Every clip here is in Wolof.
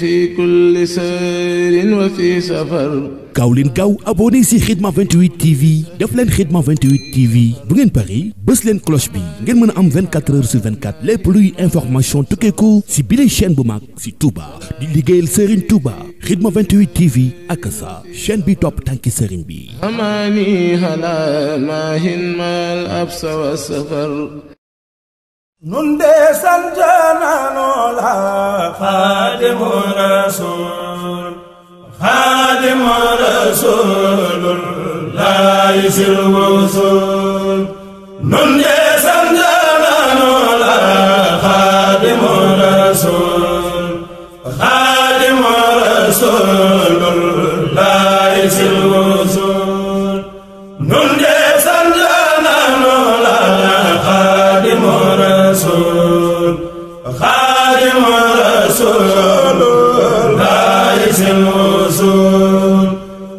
fi kulli sayrin wa fi safar. gaaw leen gaaw abonné si Khidma 28 TV def leen Khidma 28 TV bu ngeen pari bës leen cloche bi ngeen mën a am 24 heures sur 24 lépp luy information tukkeeku si bile chaîne bu mag si Touba di liggéeyal Serigne Touba Khidma 28 TV ak sa chaîne bi topp tànki Serigne bi. nun de sant nañu la Xaadimu Rasuul Xaadimu Rasuul laay sil wusul nun de sant nañu la Xaadimu Rasuul Xaadimu Rasuul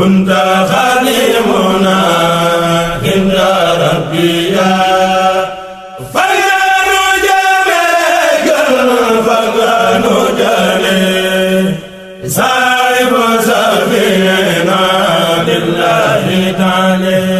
كنت خادمنا عند ربي صاحب سفينا لله تعالي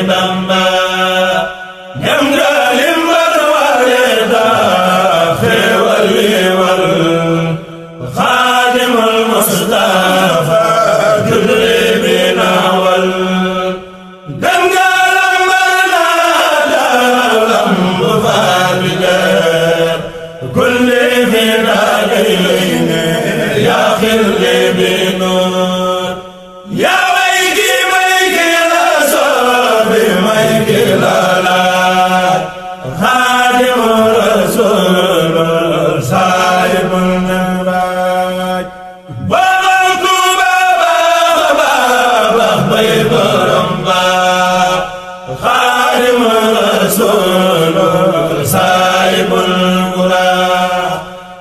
كل في دار يا خير لبنون